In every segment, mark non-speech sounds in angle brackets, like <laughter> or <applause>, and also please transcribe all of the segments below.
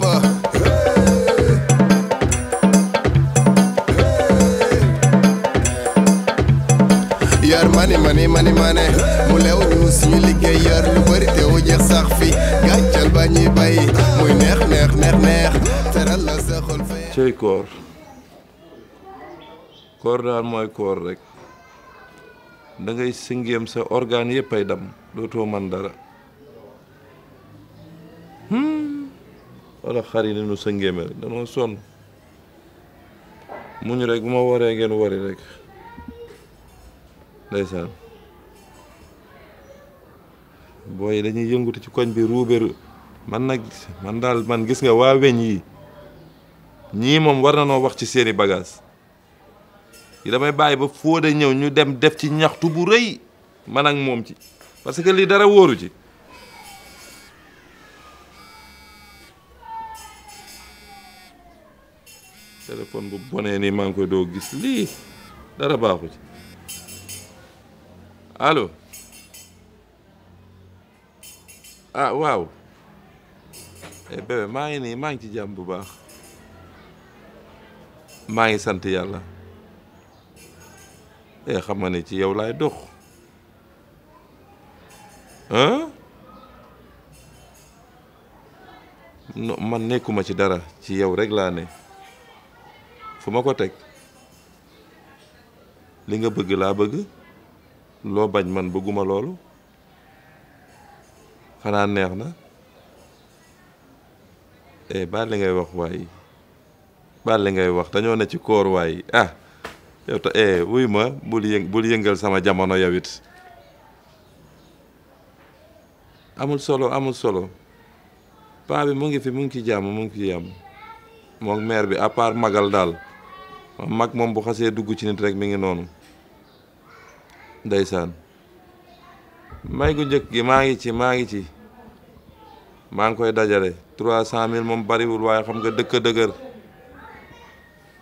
Papa. yor mani mani mani mane mu lew ñu suñu liggéey yor lu bari te wu sax fi gàccal ba ñuy bàyyi muy neex neex neex neex teral la sa xol fay cey koor koor daal mooy koor rek da ngay sa organe yëpp ay dam dootoo man dara wala xar yi dañu sëngéeme rek dañoo sonn muñ rek bu ma waree ngeen wari rek ndeysaan booy dañuy yëngutu ci koñ bi ruuberu man nag man daal man gis nga waa weñ yi ñii moom war na noo wax ci seeni bagaas yi damay bàyyi ba foo de ñëw ñu dem def ci ñaxtu bu rëy man ak moom ci parce que lii dara wóoru ci téléphone bu bonee nii maa ngi koy doo gis lii dara baaxu ci allo ah waaw eh bébé maa ngi nii maa ngi ci jàmm bu baax maa ngi sant yàlla eh xam nga ni ci yow laay dox non man nekkuma ci dara ci yow rek laa ne fu ma ko teg li nga bëgg la bëgg lo bañ man bëgguma lolu xana neex na eh ba li ngay wax way ba li ngay wax dañu ne ci koor way ah yow ta eh wuy ma bul yeng bul yengal sama jamono yawit amul solo amul solo paa bi mo ngi fi mo ngi ci jàmm ngi yam mo ngi mer bi a part magal dal. mag moom bu xasee dugg ci nit rek mi ngi noonu ndeysaan may gu njëkk gi maa ngi ci maa ngi ci maa ngi koy dajale trois cent mille moom bariwul waaye xam nga dëkk dëgër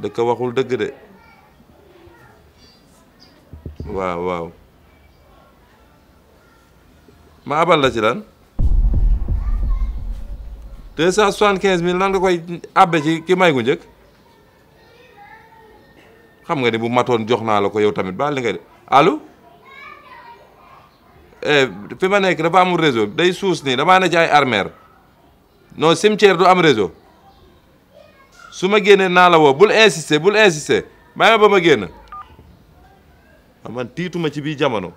dëkk waxul dëgg de waaw waaw ma abal la ci lan deux cent soixante quinze mille nan nga koy abbe ci ki may gu njëkk xam nga ni bu matoon jox naa la ko yow tamit baal li nga de allo eh, fi ma nekk dafa amul réseau day suus nii damaa ne ci ay armeer non cimetière du am réseau su ma génnee naa la woo bul insister bul insister may ma ba ma génn ah, man tiituma ci bii jamono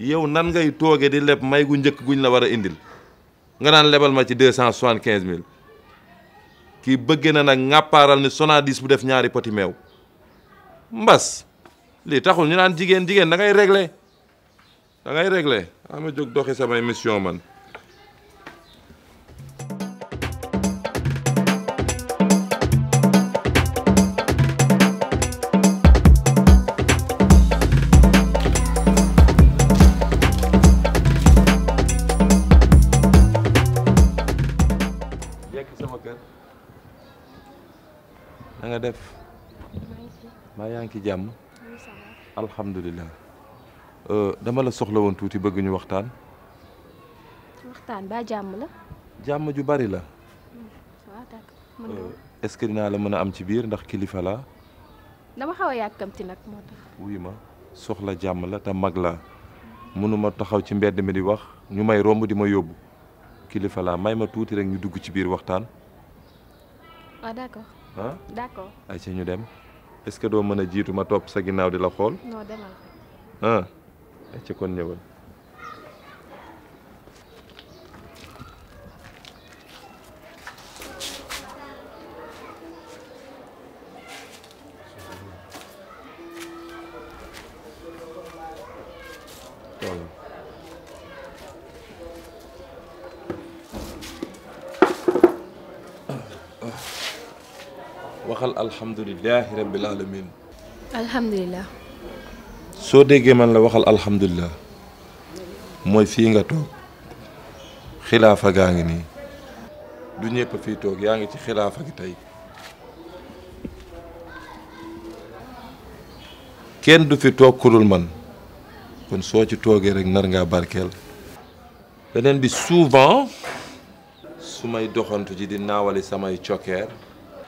yow nan ngay tooge di leb may gu njëkk guñ la war a indil nga naan lebal ma ci deux cent soixante quinze mille kii bëgge na nag ŋàppaaral ni Sonadis bu def ñaari poti meew mbas li taxul ñu naan jigéen jigéen da ngay régler da ngay régler ama jog doxé sama émission man jekk sama def ma yaa ngi ci jàmm alhamdulilah euh, dama la soxla woon tuuti bëgg ñu waxtaan waxtaan ba jàmm la jàmm ju bari la euh, est-ce que dinaa la mën a am ci biir ndax kilifa la dama xaw a yàkkamti nag moo tax wuy ma soxla jàmm la te mag la mënuma taxaw ci mbedd mi di wax ñu may romb di ma yóbbu kilifa la may ma tuuti rek ñu dugg ci biir waxtaan ah d'accord ah d'accord ay ñu dem est-ce que doo mën a jiitu ma topp sa ginnaaw di la xool. non demal. ah kon ñëwal. waxal alhamdulilahi rabbil alamin alhamdulilah soo déggee man la waxal alhamdulilah mooy fii nga tok khilafa gaa ngi nii du ñëpp fi tok ya nga ci khilafa gi tay kenn du fi tok kulul man kon so ci toge rek nar nga barkel benen bi souvent sumay doxantu ji di nawali samay cokkeer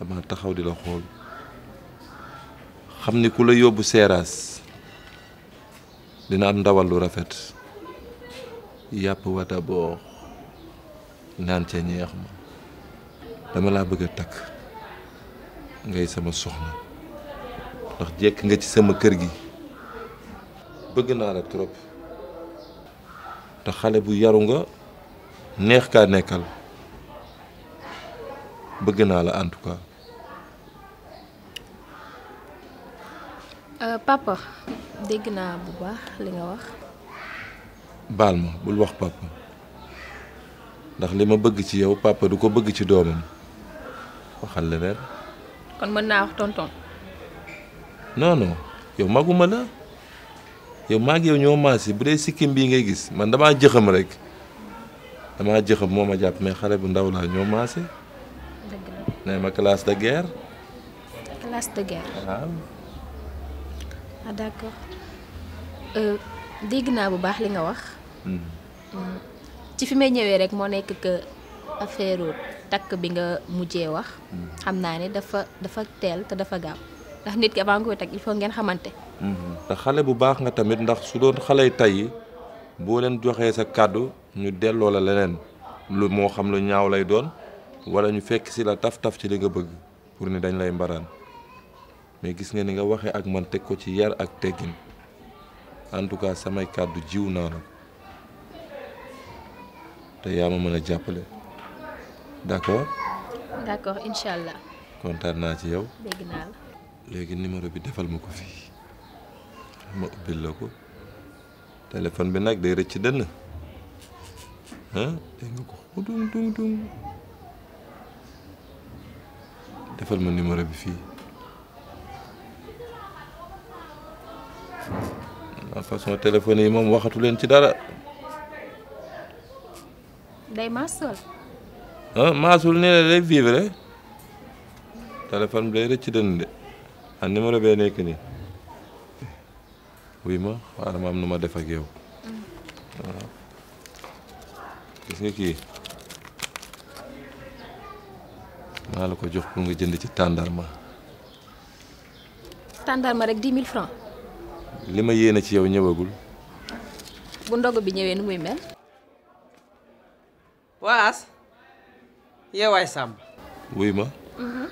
dama taxaw di la xol xamni kula ku seras dina am ndawal lu rafet yap wata bo nan ca neex ma dama la bëgg tak ngay sama soxna ndax jek nga ci sama kër gi bëgg na la trop te xale bu yaru nga neex ka nekkal bëgg naa la en tout cas. Euh, papa dégg naa bu baax li nga wax. baal ma bul wax papa ndax li ma bëgg ci yow papa du ko bëgg ci doomam waxal leneen. kon mën naa wax tonton. non non yow maguma la yow maag yow ñoo maas bu dee sikkim bii ngay gis man damaa jëxam rek damaa jëxam moo ma jàpp mais xale bu ndaw laa ñoo maase. nee ma classe de guerre. classe de guerre. ah Ada accord eh, dégg naa bu baax li nga wax. Hmm. ci fi may ñëwee rek moo nekk que tak takk bi nga mujjee wax. Hmm. xam naa ne dafa dafa tel te dafa gaaw ndax nit ki avant ko tak il faut ngeen Hmm. te xale bu baax nga tamit ndax su doon sa ñu la lenen lu xam lu ñaaw lay doon wala ñu fekk si la taf-taf ci li nga bëgg pour ne dañ lay mbaraan mais gis nga ni nga waxee ak man teg ko ci yar ak teggin en tout cas samay kàddu jiw naa la te yaa ma mën a jàppale d' accord. d' accord ci yow. dégg naa la. léegi numéro bi defal ma ko fii ma ubbil la ko téléphone bi nag day rëcc dënn ah dégg nga ko dung dung dung. defal ma numéro bi fii man façon téléphone yi moom waxatu leen ci dara. day maasul. ah maasul nii la day vivre téléphone bi day rëcc dënn de ah numéro bee nekk nii wuy ma xaaral ma am nu ma def yow mm. ah. gis nga kii. maa la ko jox pour nga jënd ci tàndarma. tàndarma rek dix mille francs. li ma yéene ci yow ñëwagul. bu ndog bi ñëwee nu muy mel. waas yeewaay sàmm. wuy ma. Mhm.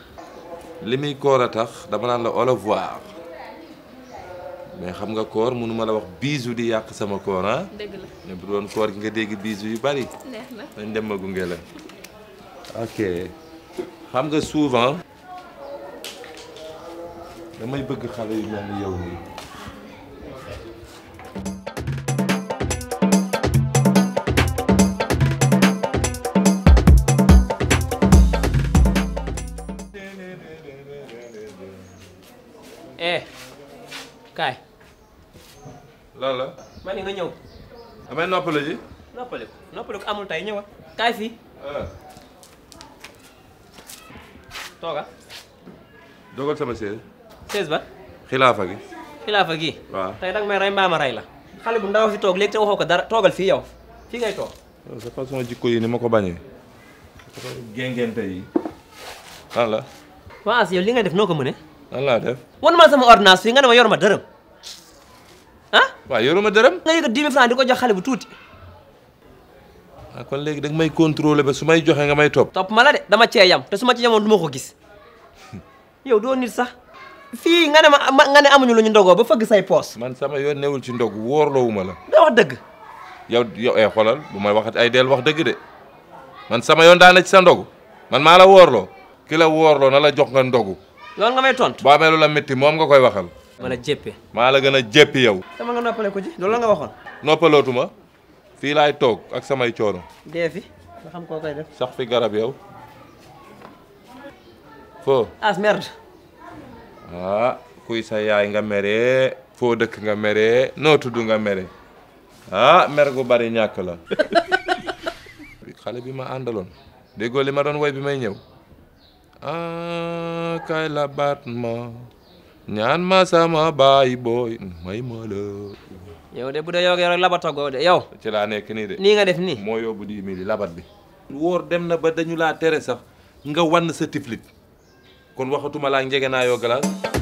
li muy koor a dama naan la au revoir mais xam nga koor mënuma la wax bisu di yàq sama koor ah. dëgg doon koor gi nga dégg bisu yu bari. dañ dem ma gunge la. xam nga souvent damay bëgg xale yu mel ni yow nii eh kaay lan la ni nga ñëw damay noppale ji noppale ko amul tey ñëwa kaay fii ah. tooga dogal sama chaise chaise ba xilaafa gi xilaafa gi waaw tey dag may rey mbaa ma rey la xale bu ndaw fi toog léegi te waxoo ko dara toogal fii yow fii ngay toog sa façon jikko yi ni ma ko bañee géngente yi lan la waa as yow li nga def noo ko mëne lan laa def wan ma sama ordonnance fii nga ne ma yor ma dërëm ah waaw yoruma dërëm nga yëg 10 francs di jox xale bu waaw ah, léegi da nga may contrôler ba su may joxe nga may topp. topp ma dama cee yam su ma ci yamoon du ma ko gis <laughs> yow doo nit sax fii nga ne ma nga ne amuñu lu ñu ndogoo ba fëgg say poos. man sama yoon newul ci ndog wóorloowu ma la. dëgg. yow yow eh, bu may waxat ay del wax dëgg man sama yoon daan na ci sa ndogu man maa la woorloo ki woorloo na la jox nga ndogu. loolu nga may tontu. boo amee lu la métti moom nga koy waxal. ma la jéppee. maa la gën a jéppi yow. dama nga noppale ko ci loolu la nga waxoon. noppalootu ma. fi lay tok ak samay cioro dee fi nga xam ko koy def. sax fi garab yow. fo as merde. ah kuy sa yaay nga meree. fo dekk nga no tuddu nga mere ah mer gu bari ñak la. <laughs> xale bi ma andalon dego li ma don way bi may ñew ah kay la batma ñaan ma sama bay boy may ma yow de bu dee yow rek labat goo de yow. ci laa nekk nii de. nii nga def nii. moo yóbbu dix mille labat bi. wóor dem na ba dañu laa tere sax nga wann sa tiflit kon waxatuma laa njëgën naa yoo